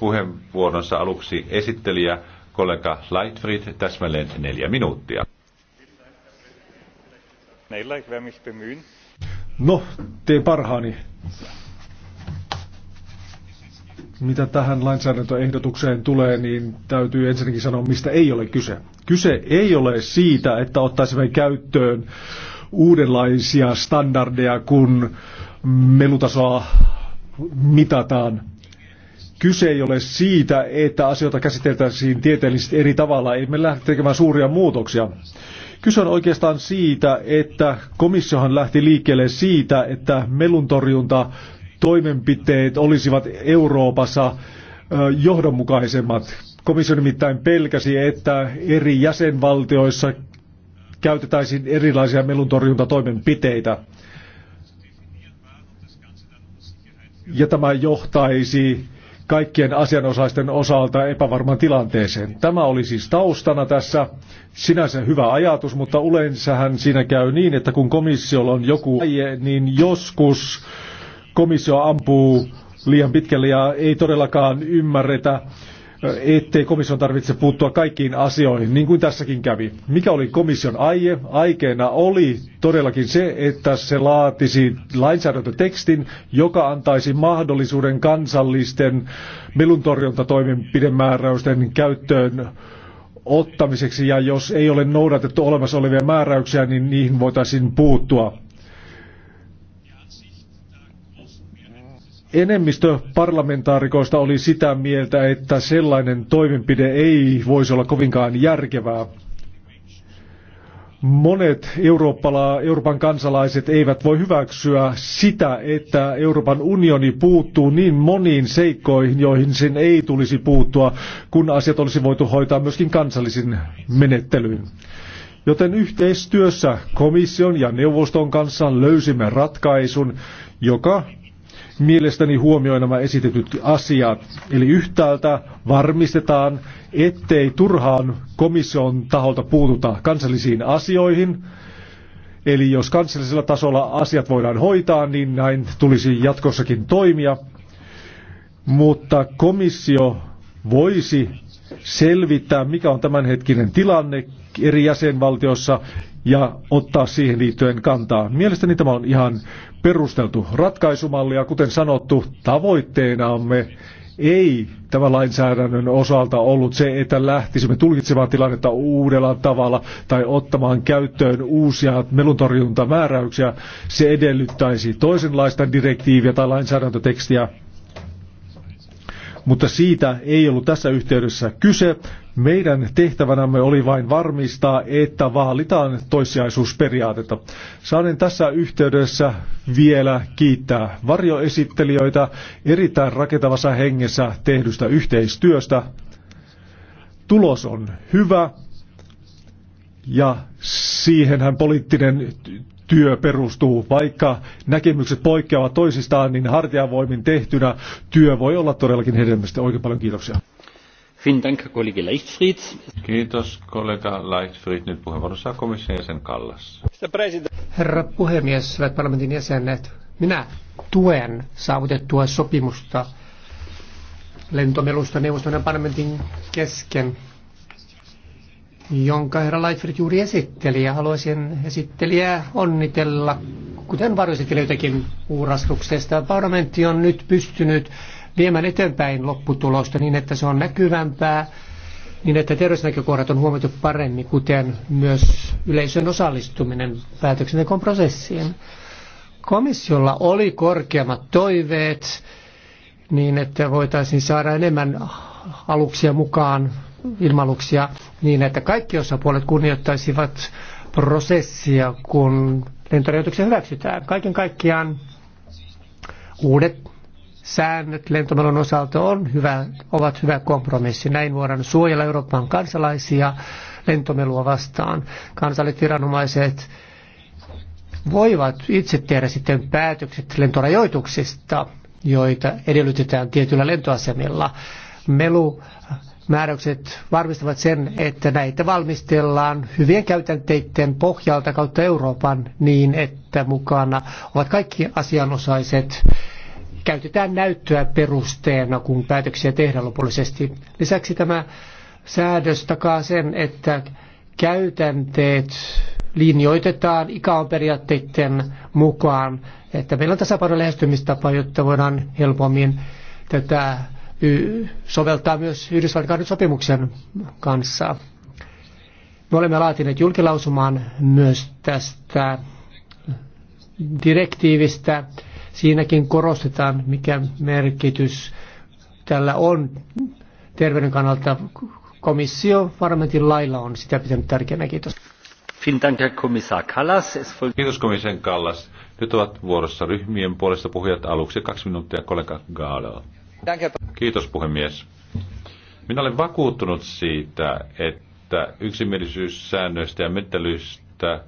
puheenvuoronsa aluksi esittelijä kollega Leitfried täsmälleen neljä minuuttia. No, tee parhaani. Mitä tähän lainsäädäntöehdotukseen tulee, niin täytyy ensinnäkin sanoa, mistä ei ole kyse. Kyse ei ole siitä, että ottaisimme käyttöön uudenlaisia standardeja, kun melutasoa mitataan Kyse ei ole siitä, että asioita käsiteltäisiin tieteellisesti eri tavalla, ei me lähde tekemään suuria muutoksia. Kyse on oikeastaan siitä, että komissiohan lähti liikkeelle siitä, että meluntorjunta toimenpiteet olisivat Euroopassa johdonmukaisemmat. Komissio nimittäin pelkäsi, että eri jäsenvaltioissa käytetäisiin erilaisia meluntorjuntatoimenpiteitä. Ja tämä johtaisi kaikkien asianosaisten osalta epävarmaan tilanteeseen. Tämä oli siis taustana tässä. Sinänsä hyvä ajatus, mutta yleensähän siinä käy niin, että kun komissiolla on joku aie, niin joskus komissio ampuu liian pitkälle ja ei todellakaan ymmärretä, ettei komission tarvitse puuttua kaikkiin asioihin, niin kuin tässäkin kävi. Mikä oli komission aie? Aikeena oli todellakin se, että se laatisi lainsäädäntötekstin, joka antaisi mahdollisuuden kansallisten meluntorjuntatoimenpidemääräysten käyttöön ottamiseksi, ja jos ei ole noudatettu olemassa olevia määräyksiä, niin niihin voitaisiin puuttua. Enemmistö parlamentaarikoista oli sitä mieltä, että sellainen toimenpide ei voisi olla kovinkaan järkevää. Monet Eurooppala, Euroopan kansalaiset eivät voi hyväksyä sitä, että Euroopan unioni puuttuu niin moniin seikkoihin, joihin sen ei tulisi puuttua, kun asiat olisi voitu hoitaa myöskin kansallisin menettelyyn. Joten yhteistyössä komission ja neuvoston kanssa löysimme ratkaisun, joka mielestäni huomioi nämä esitetyt asiat. Eli yhtäältä varmistetaan, ettei turhaan komission taholta puututa kansallisiin asioihin. Eli jos kansallisella tasolla asiat voidaan hoitaa, niin näin tulisi jatkossakin toimia. Mutta komissio voisi selvittää, mikä on tämänhetkinen tilanne eri jäsenvaltioissa ja ottaa siihen liittyen kantaa. Mielestäni tämä on ihan perusteltu ratkaisumalli ja kuten sanottu, tavoitteenamme ei tämän lainsäädännön osalta ollut se, että lähtisimme tulkitsemaan tilannetta uudella tavalla tai ottamaan käyttöön uusia meluntorjuntamääräyksiä. Se edellyttäisi toisenlaista direktiiviä tai lainsäädäntötekstiä mutta siitä ei ollut tässä yhteydessä kyse. Meidän tehtävänämme oli vain varmistaa, että vaalitaan toissijaisuusperiaatetta. Saanen tässä yhteydessä vielä kiittää varjoesittelijöitä erittäin rakentavassa hengessä tehdystä yhteistyöstä. Tulos on hyvä ja siihenhän poliittinen työ perustuu. Vaikka näkemykset poikkeavat toisistaan, niin hartiavoimin tehtynä työ voi olla todellakin hedelmällistä. Oikein paljon kiitoksia. Kiitos kollega Leichtfried. Nyt puheenvuorossa komission jäsen Kallas. Herra puhemies, hyvät parlamentin jäsenet, minä tuen saavutettua sopimusta lentomelusta neuvoston ja parlamentin kesken jonka herra Leitfried juuri esitteli. Ja haluaisin esittelijää onnitella, kuten varjoesittelijöitäkin uurastuksesta. Parlamentti on nyt pystynyt viemään eteenpäin lopputulosta niin, että se on näkyvämpää, niin että terveysnäkökohdat on huomioitu paremmin, kuten myös yleisön osallistuminen päätöksentekoon prosessiin. Komissiolla oli korkeammat toiveet niin, että voitaisiin saada enemmän aluksia mukaan ilmaluksia niin, että kaikki osapuolet kunnioittaisivat prosessia, kun lentorajoituksia hyväksytään. Kaiken kaikkiaan uudet säännöt lentomelon osalta on hyvä, ovat hyvä kompromissi. Näin voidaan suojella Euroopan kansalaisia lentomelua vastaan. Kansalliset viranomaiset voivat itse tehdä sitten päätökset lentorajoituksista, joita edellytetään tietyillä lentoasemilla. Melu määräykset varmistavat sen, että näitä valmistellaan hyvien käytänteiden pohjalta kautta Euroopan niin, että mukana ovat kaikki asianosaiset. Käytetään näyttöä perusteena, kun päätöksiä tehdään lopullisesti. Lisäksi tämä säädös takaa sen, että käytänteet linjoitetaan ikaon periaatteiden mukaan, että meillä on tasapaino lähestymistapa, jotta voidaan helpommin tätä soveltaa myös Yhdysvaltain sopimuksen kanssa. Me olemme laatineet julkilausumaan myös tästä direktiivistä. Siinäkin korostetaan, mikä merkitys tällä on terveyden kannalta. Komissio parlamentin lailla on sitä pitänyt tärkeänä. Kiitos. Kiitos komission Kallas. Nyt ovat vuorossa ryhmien puolesta puhujat aluksi kaksi minuuttia kollega Gaalo. Kiitos puhemies. Minä olen vakuuttunut siitä, että yksimielisyyssäännöistä ja menettelyistä,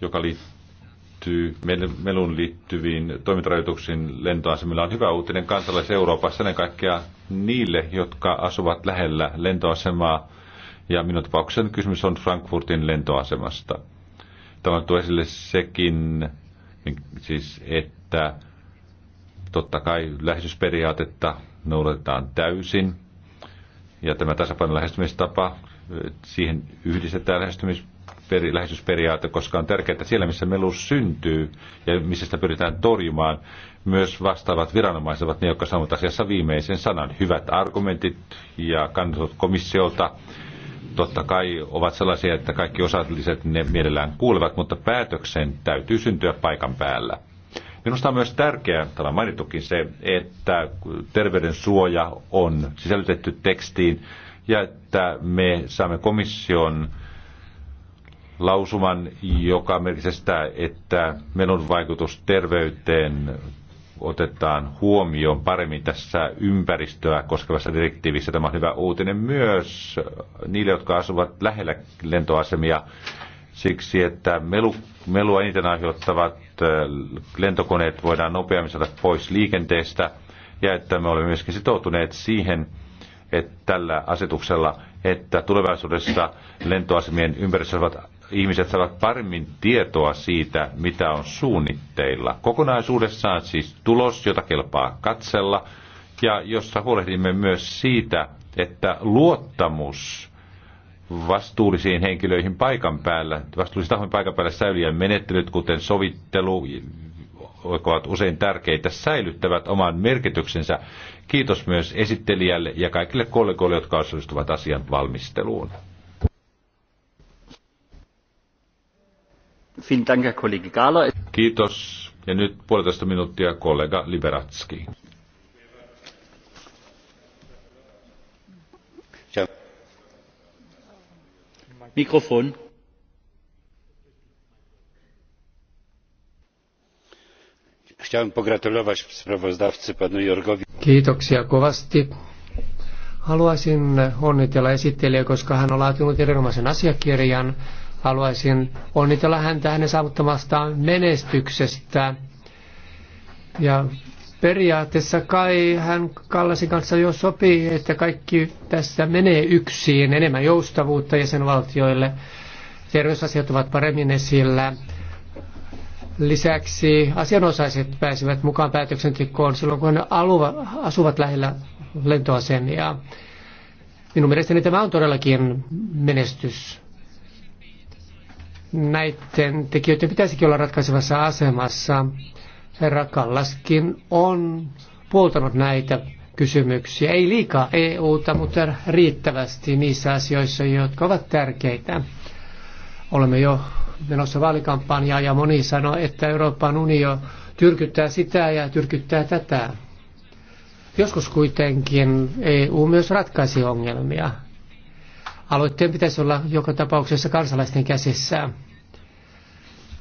joka liittyy melun liittyviin toimintarajoituksiin lentoasemilla, on hyvä uutinen kansalais Euroopassa, ennen kaikkea niille, jotka asuvat lähellä lentoasemaa. Ja minun tapauksessani kysymys on Frankfurtin lentoasemasta. Tämä on esille sekin, niin siis että Totta kai lähestysperiaatetta noudatetaan täysin. Ja tämä tasapainon lähestymistapa, siihen yhdistetään lähestymisperi, koska on tärkeää, että siellä missä melu syntyy ja missä sitä pyritään torjumaan, myös vastaavat viranomaiset ovat ne, jotka sanovat asiassa viimeisen sanan. Hyvät argumentit ja kannatut komissiolta totta kai ovat sellaisia, että kaikki osalliset ne mielellään kuulevat, mutta päätöksen täytyy syntyä paikan päällä. Minusta on myös tärkeää, tämä on mainittukin se, että terveydensuoja on sisällytetty tekstiin ja että me saamme komission lausuman, joka merkitsee sitä, että menon vaikutus terveyteen otetaan huomioon paremmin tässä ympäristöä koskevassa direktiivissä. Tämä on hyvä uutinen myös niille, jotka asuvat lähellä lentoasemia siksi, että melu, melua eniten aiheuttavat lentokoneet voidaan nopeammin saada pois liikenteestä ja että me olemme myöskin sitoutuneet siihen, että tällä asetuksella, että tulevaisuudessa lentoasemien ympäristössä ovat ihmiset saavat paremmin tietoa siitä, mitä on suunnitteilla. Kokonaisuudessaan siis tulos, jota kelpaa katsella, ja jossa huolehdimme myös siitä, että luottamus vastuullisiin henkilöihin paikan päällä, vastuullisiin tahoihin paikan päällä säilyjän menettelyt, kuten sovittelu, jotka ovat usein tärkeitä, säilyttävät oman merkityksensä. Kiitos myös esittelijälle ja kaikille kollegoille, jotka osallistuvat asian valmisteluun. Kiitos. Ja nyt puolitoista minuuttia kollega Liberatski. Mikrofon. Chciałem pogratulować sprawozdawcy panu Jorgowi. Kiitoksia kovasti. Haluaisin onnitella esittelijä, koska hän on laatinut erinomaisen asiakirjan. Haluaisin onnitella häntä hänen saavuttamastaan menestyksestä. Ja Periaatteessa kai hän Kallasin kanssa jo sopii, että kaikki tässä menee yksiin, enemmän joustavuutta jäsenvaltioille. Terveysasiat ovat paremmin esillä. Lisäksi asianosaiset pääsevät mukaan päätöksentekoon silloin, kun he asuvat lähellä lentoasemia. Minun mielestäni tämä on todellakin menestys. Näiden tekijöiden pitäisikin olla ratkaisevassa asemassa. Herra Kallaskin on puoltanut näitä kysymyksiä. Ei liikaa EUta, mutta riittävästi niissä asioissa, jotka ovat tärkeitä. Olemme jo menossa vaalikampanjaa ja moni sanoi, että Euroopan unio tyrkyttää sitä ja tyrkyttää tätä. Joskus kuitenkin EU myös ratkaisi ongelmia. Aloitteen pitäisi olla joka tapauksessa kansalaisten käsissä.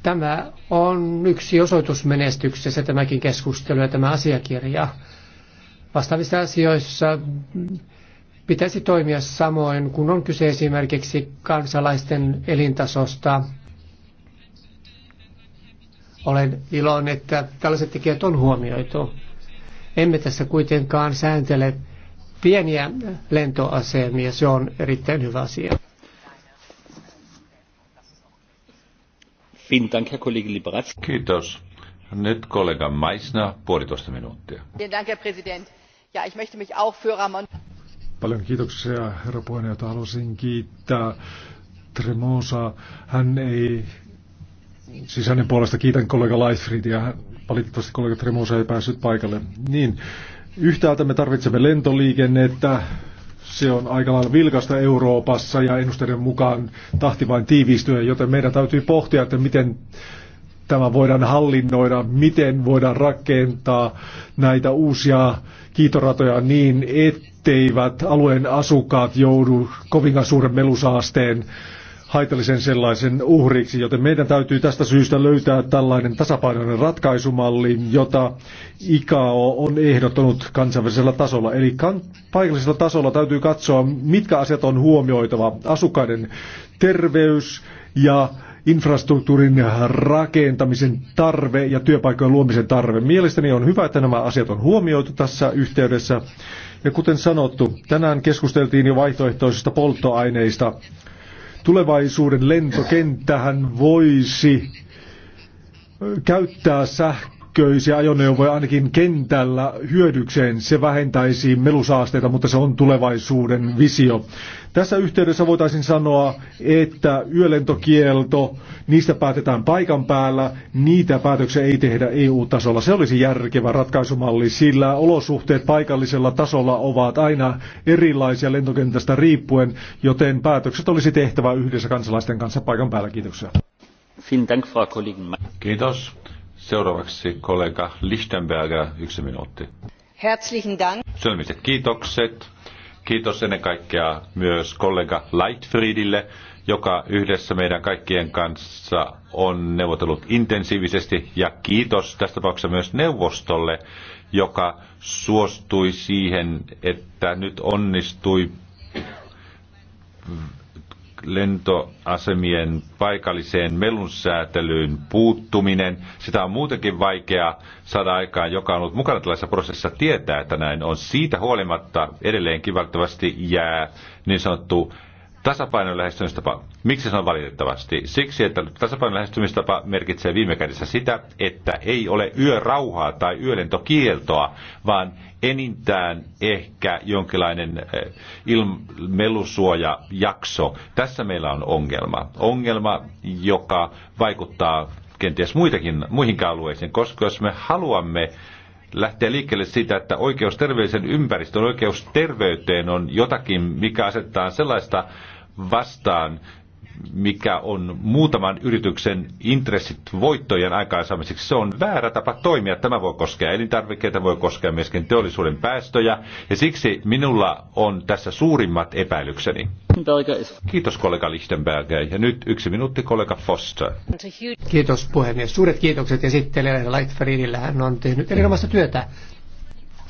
Tämä on yksi osoitus menestyksessä tämäkin keskustelu ja tämä asiakirja. Vastaavissa asioissa pitäisi toimia samoin, kun on kyse esimerkiksi kansalaisten elintasosta. Olen iloinen, että tällaiset tekijät on huomioitu. Emme tässä kuitenkaan sääntele pieniä lentoasemia. Se on erittäin hyvä asia. Kiitos. Nyt kollega Maisna, puolitoista minuuttia. Paljon kiitoksia, herra puheenjohtaja. Haluaisin kiittää Tremosa. Hän ei, siis hänen puolesta kiitän kollega Leifridia. Valitettavasti kollega Tremosa ei päässyt paikalle. Niin, yhtäältä me tarvitsemme lentoliikennettä, se on aika lailla vilkasta Euroopassa ja ennusteiden mukaan tahti vain tiivistyy, joten meidän täytyy pohtia, että miten tämä voidaan hallinnoida, miten voidaan rakentaa näitä uusia kiitoratoja niin, etteivät alueen asukkaat joudu kovinkaan suuren melusaasteen haitallisen sellaisen uhriksi, joten meidän täytyy tästä syystä löytää tällainen tasapainoinen ratkaisumalli, jota ICAO on ehdottanut kansainvälisellä tasolla. Eli kan- paikallisella tasolla täytyy katsoa, mitkä asiat on huomioitava. Asukkaiden terveys ja infrastruktuurin rakentamisen tarve ja työpaikkojen luomisen tarve. Mielestäni on hyvä, että nämä asiat on huomioitu tässä yhteydessä. Ja kuten sanottu, tänään keskusteltiin jo vaihtoehtoisista polttoaineista. Tulevaisuuden lentokenttähän voisi käyttää sähköä sähköisiä ajoneuvoja ainakin kentällä hyödykseen. Se vähentäisi melusaasteita, mutta se on tulevaisuuden visio. Tässä yhteydessä voitaisiin sanoa, että yölentokielto, niistä päätetään paikan päällä, niitä päätöksiä ei tehdä EU-tasolla. Se olisi järkevä ratkaisumalli, sillä olosuhteet paikallisella tasolla ovat aina erilaisia lentokentästä riippuen, joten päätökset olisi tehtävä yhdessä kansalaisten kanssa paikan päällä. Kiitoksia. Kiitos. Seuraavaksi kollega Lichtenberger, yksi minuutti. Herzlichen Dank. Sylmiset kiitokset. Kiitos ennen kaikkea myös kollega Lightfriedille, joka yhdessä meidän kaikkien kanssa on neuvotellut intensiivisesti. Ja kiitos tästä tapauksessa myös neuvostolle, joka suostui siihen, että nyt onnistui lentoasemien paikalliseen melunsäätelyyn puuttuminen. Sitä on muutenkin vaikea saada aikaan, joka on ollut mukana tällaisessa prosessissa tietää, että näin on. Siitä huolimatta edelleenkin valtavasti jää niin sanottu tasapainon lähestymistapa. Miksi se on valitettavasti? Siksi, että tasapainon lähestymistapa merkitsee viime kädessä sitä, että ei ole yörauhaa tai yölentokieltoa, vaan enintään ehkä jonkinlainen eh, ilm- melusuojajakso. Tässä meillä on ongelma. Ongelma, joka vaikuttaa kenties muitakin, muihinkin alueisiin, koska jos me haluamme lähteä liikkeelle siitä, että oikeus terveellisen ympäristön, oikeus terveyteen on jotakin, mikä asettaa sellaista vastaan, mikä on muutaman yrityksen intressit voittojen aikaansaamiseksi. Se on väärä tapa toimia. Tämä voi koskea elintarvikkeita, voi koskea myöskin teollisuuden päästöjä. Ja siksi minulla on tässä suurimmat epäilykseni. Kiitos kollega Lichtenberg. Ja nyt yksi minuutti kollega Foster. Kiitos puhemies. Suuret kiitokset esittelijälle Lightfriedille. Hän on tehnyt erinomaista työtä.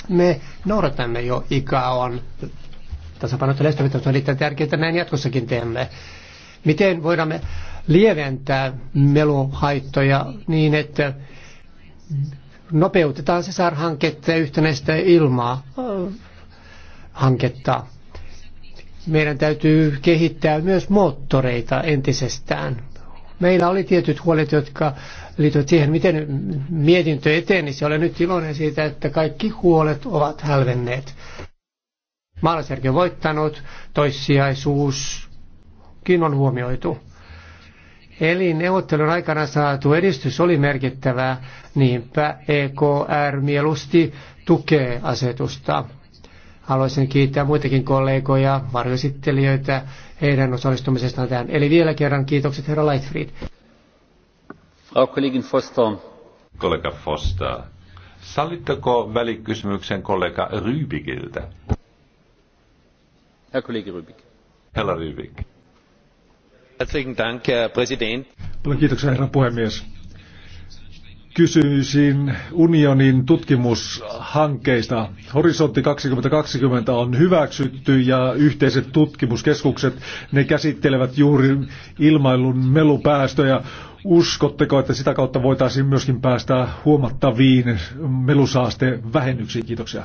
Me noudatamme jo ICAOn tasapainot mitä on erittäin tärkeää, että näin jatkossakin teemme. Miten voidaan me lieventää meluhaittoja niin, että nopeutetaan CESAR-hanketta ja yhtenäistä ilmaa hanketta. Meidän täytyy kehittää myös moottoreita entisestään. Meillä oli tietyt huolet, jotka liittyvät siihen, miten mietintö etenisi. Olen nyt iloinen siitä, että kaikki huolet ovat hälvenneet maalaisjärki on voittanut, toissijaisuuskin on huomioitu. Eli neuvottelun aikana saatu edistys oli merkittävää, niinpä EKR mieluusti tukee asetusta. Haluaisin kiittää muitakin kollegoja, varjoesittelijöitä heidän osallistumisestaan tähän. Eli vielä kerran kiitokset herra Lightfried. Frau Kollegin Foster. Kollega Foster. Sallitteko välikysymyksen kollega Rybikiltä? Rübig. Herra Rübig. puhemies. Kysyisin unionin tutkimushankkeista. Horisontti kaksikymmentä on hyväksytty ja yhteiset tutkimuskeskukset, ne käsittelevät juuri ilmailun melupäästöjä. Uskotteko, että sitä kautta voitaisiin myöskin päästä huomattaviin melusaastevähennyksiin? Kiitoksia.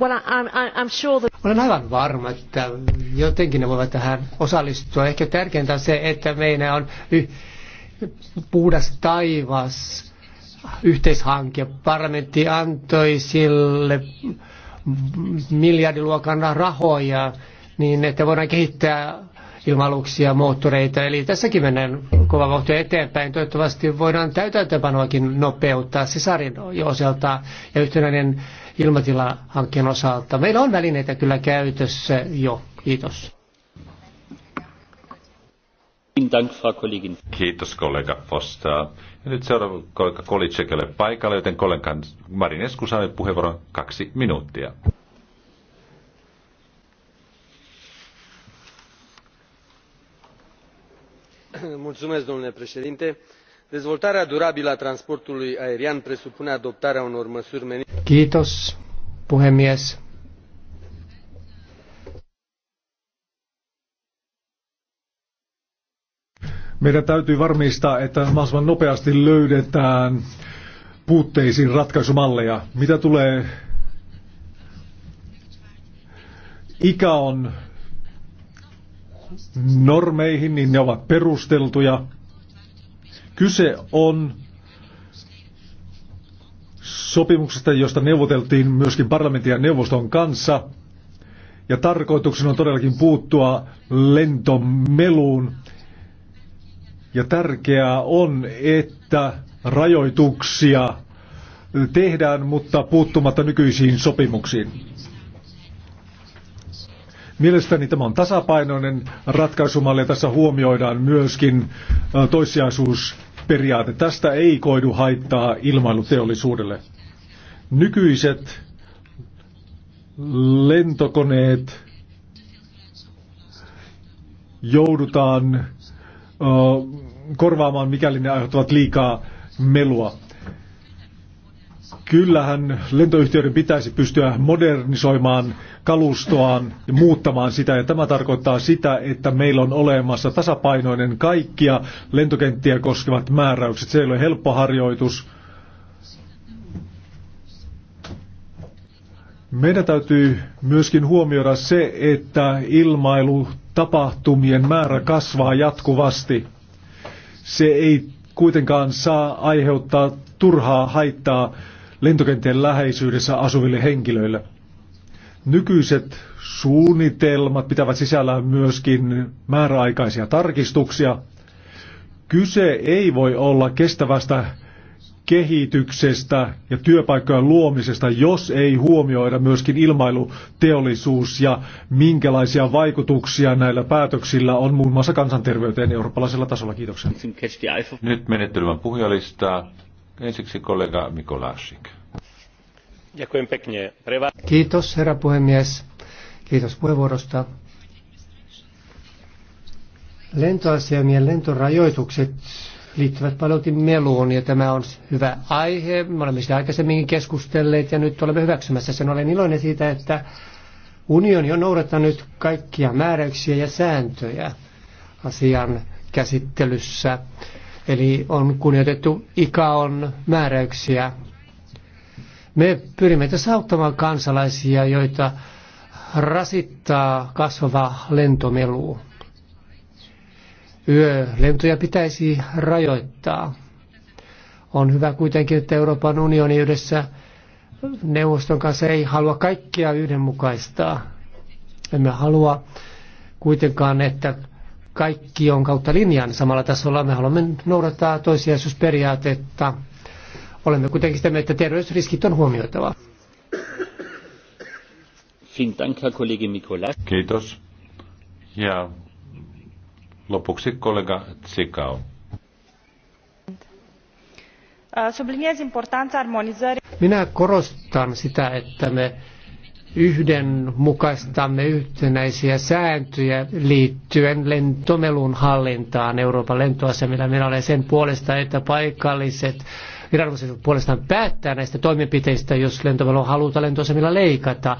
Well, I'm, I'm sure that... Olen aivan varma, että jotenkin ne voivat tähän osallistua. Ehkä tärkeintä on se, että meillä on y- puhdas taivas yhteishanke. Parlamentti antoi sille miljardiluokan rahoja, niin että voidaan kehittää ilmaluksia, moottoreita. Eli tässäkin mennään kova vauhtia eteenpäin. Toivottavasti voidaan täytäntöpanoakin nopeuttaa sisarin osalta ja yhtenäinen ilmatilahankkeen osalta. Meillä on välineitä kyllä käytössä jo. Kiitos. Kiitos kollega Fosta. Ja nyt seuraava kollega Kolitsekelle paikalle, joten kollegan Marin Esku saa puheenvuoron kaksi minuuttia. domnule președinte dezvoltarea durabilă a transportului aerian presupune adoptarea unor măsuri menite. Kiitos, puhemies. Meidän täytyy varmistaa, että mahdollisimman nopeasti löydetään puutteisiin ratkaisumalleja. Mitä tulee ikä on normeihin, niin ne ovat perusteltuja. Kyse on sopimuksesta, josta neuvoteltiin myöskin parlamentin ja neuvoston kanssa. Ja tarkoituksena on todellakin puuttua lentomeluun. Ja tärkeää on, että rajoituksia tehdään, mutta puuttumatta nykyisiin sopimuksiin. Mielestäni tämä on tasapainoinen ratkaisumalli ja tässä huomioidaan myöskin toissijaisuus periaate. Tästä ei koidu haittaa ilmailuteollisuudelle. Nykyiset lentokoneet joudutaan ö, korvaamaan, mikäli ne aiheuttavat liikaa melua. Kyllähän lentoyhtiöiden pitäisi pystyä modernisoimaan kalustoaan ja muuttamaan sitä. Ja tämä tarkoittaa sitä, että meillä on olemassa tasapainoinen kaikkia lentokenttiä koskevat määräykset. Se ei ole helppo harjoitus. Meidän täytyy myöskin huomioida se, että ilmailutapahtumien määrä kasvaa jatkuvasti. Se ei kuitenkaan saa aiheuttaa turhaa haittaa lentokentien läheisyydessä asuville henkilöille. Nykyiset suunnitelmat pitävät sisällään myöskin määräaikaisia tarkistuksia. Kyse ei voi olla kestävästä kehityksestä ja työpaikkojen luomisesta, jos ei huomioida myöskin ilmailuteollisuus ja minkälaisia vaikutuksia näillä päätöksillä on muun muassa kansanterveyteen eurooppalaisella tasolla. Kiitoksia. Nyt menettelymän puhujalistaa. Kiitos herra puhemies. Kiitos puheenvuorosta. Lentoasemien lentorajoitukset liittyvät paljon meluun ja tämä on hyvä aihe. Me olemme sitä aikaisemminkin keskustelleet ja nyt olemme hyväksymässä sen. Olen iloinen siitä, että unioni on noudattanut kaikkia määräyksiä ja sääntöjä asian käsittelyssä Eli on kunnioitettu ikaon määräyksiä. Me pyrimme tässä auttamaan kansalaisia, joita rasittaa kasvava lentomelu. Yölentoja pitäisi rajoittaa. On hyvä kuitenkin, että Euroopan unioni yhdessä neuvoston kanssa ei halua kaikkia yhdenmukaistaa. Emme halua kuitenkaan, että kaikki on kautta linjan samalla tasolla. Me haluamme noudattaa toisiaisuusperiaatetta. Olemme kuitenkin sitä mieltä, että terveysriskit on huomioitava. Kiitos. Ja lopuksi kollega Tsikau. Minä korostan sitä, että me yhdenmukaistamme yhtenäisiä sääntöjä liittyen lentomelun hallintaan Euroopan lentoasemilla. Minä olen sen puolesta, että paikalliset viranomaiset puolestaan päättää näistä toimenpiteistä, jos lentomelu halutaan lentoasemilla leikata.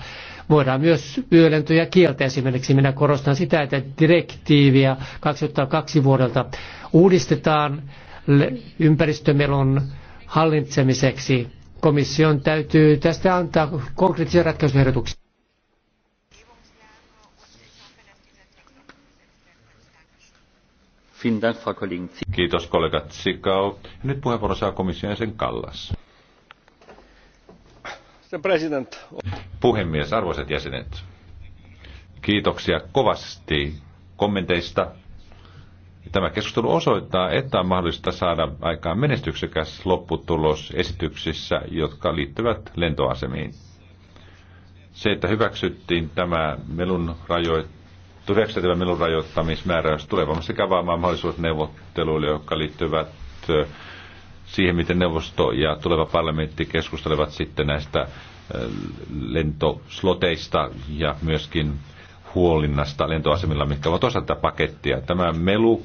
Voidaan myös yölentoja kieltää esimerkiksi. Minä korostan sitä, että direktiiviä 2002 vuodelta uudistetaan ympäristömelun hallitsemiseksi komission täytyy tästä antaa konkreettisia ratkaisuehdotuksia. Kiitos kollega Tsikau. Nyt puheenvuoro saa komission jäsen Kallas. Puhemies, arvoisat jäsenet. Kiitoksia kovasti kommenteista Tämä keskustelu osoittaa, että on mahdollista saada aikaan menestyksekäs lopputulos esityksissä, jotka liittyvät lentoasemiin. Se, että hyväksyttiin tämä melun rajoittaminen, hyväksyttävä melun rajoittamismääräys tulee varmasti kävaamaan mahdollisuudet neuvotteluille, jotka liittyvät siihen, miten neuvosto ja tuleva parlamentti keskustelevat sitten näistä lentosloteista ja myöskin huolinnasta lentoasemilla, mitkä ovat osa tätä pakettia. Tämä melu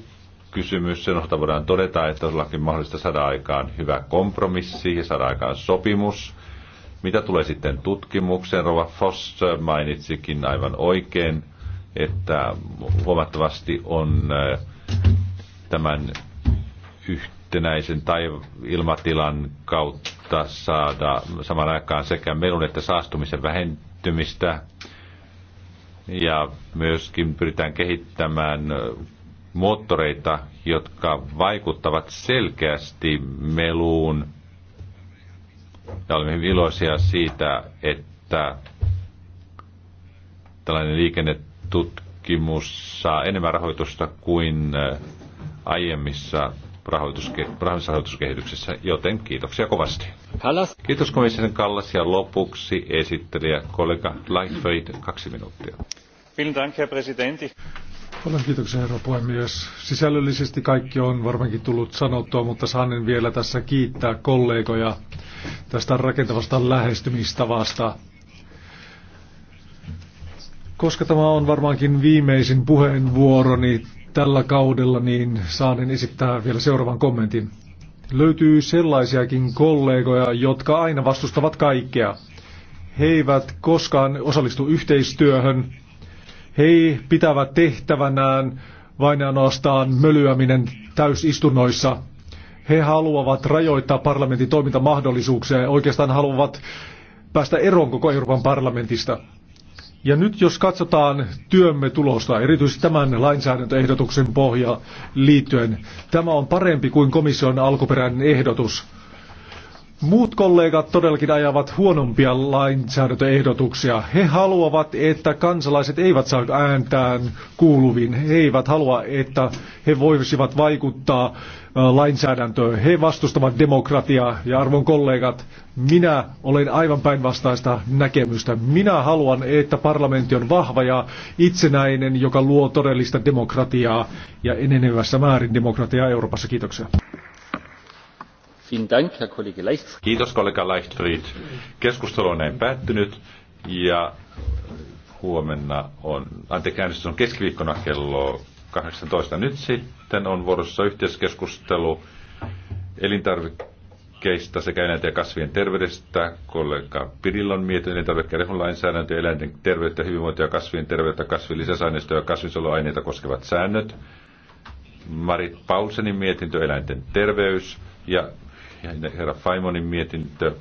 kysymys. Sen osalta voidaan todeta, että on mahdollista saada aikaan hyvä kompromissi ja saada aikaan sopimus. Mitä tulee sitten tutkimukseen, Rova Foss mainitsikin aivan oikein, että huomattavasti on eh, tämän yhtenäisen tai ilmatilan kautta saada saman aikaan sekä melun että saastumisen vähentymistä. Ja myöskin pyritään kehittämään moottoreita, jotka vaikuttavat selkeästi meluun. Ja olemme hyvin iloisia siitä, että tällainen liikennetutkimus saa enemmän rahoitusta kuin äh, aiemmissa rahoituske- rahoituskehityksessä, joten kiitoksia kovasti. Halas. Kiitos komission Kallas ja lopuksi esittelijä kollega Lightfade kaksi minuuttia. Vielen Dank, Herr Paljon kiitoksia, herra puhemies. Sisällöllisesti kaikki on varmaankin tullut sanottua, mutta saan vielä tässä kiittää kollegoja tästä rakentavasta lähestymistavasta. Koska tämä on varmaankin viimeisin puheenvuoroni tällä kaudella, niin saan esittää vielä seuraavan kommentin. Löytyy sellaisiakin kollegoja, jotka aina vastustavat kaikkea. He eivät koskaan osallistu yhteistyöhön, he pitävät tehtävänään vain ainoastaan mölyäminen täysistunnoissa. He haluavat rajoittaa parlamentin toimintamahdollisuuksia ja oikeastaan haluavat päästä eroon koko Euroopan parlamentista. Ja nyt jos katsotaan työmme tulosta, erityisesti tämän lainsäädäntöehdotuksen pohja liittyen, tämä on parempi kuin komission alkuperäinen ehdotus. Muut kollegat todellakin ajavat huonompia lainsäädäntöehdotuksia. He haluavat, että kansalaiset eivät saa ääntään kuuluvin. He eivät halua, että he voisivat vaikuttaa lainsäädäntöön. He vastustavat demokratiaa ja arvon kollegat, minä olen aivan päinvastaista näkemystä. Minä haluan, että parlamentti on vahva ja itsenäinen, joka luo todellista demokratiaa ja enenevässä määrin demokratiaa Euroopassa. Kiitoksia. Kiitos kollega Leichtfried. Keskustelu on näin päättynyt ja huomenna on, anteeksi on keskiviikkona kello 18. Nyt sitten on vuorossa yhteiskeskustelu elintarvikkeista sekä eläinten ja kasvien terveydestä. Kollega Pirillon mietin elintarvikkeiden lainsäädäntö, eläinten terveyttä, hyvinvointia, kasvien terveyttä, kasvien lisäsaineistoja ja kasvinsuojeluaineita koskevat säännöt. Marit Paulsenin mietintö eläinten terveys ja ja herra Faimonin mietintö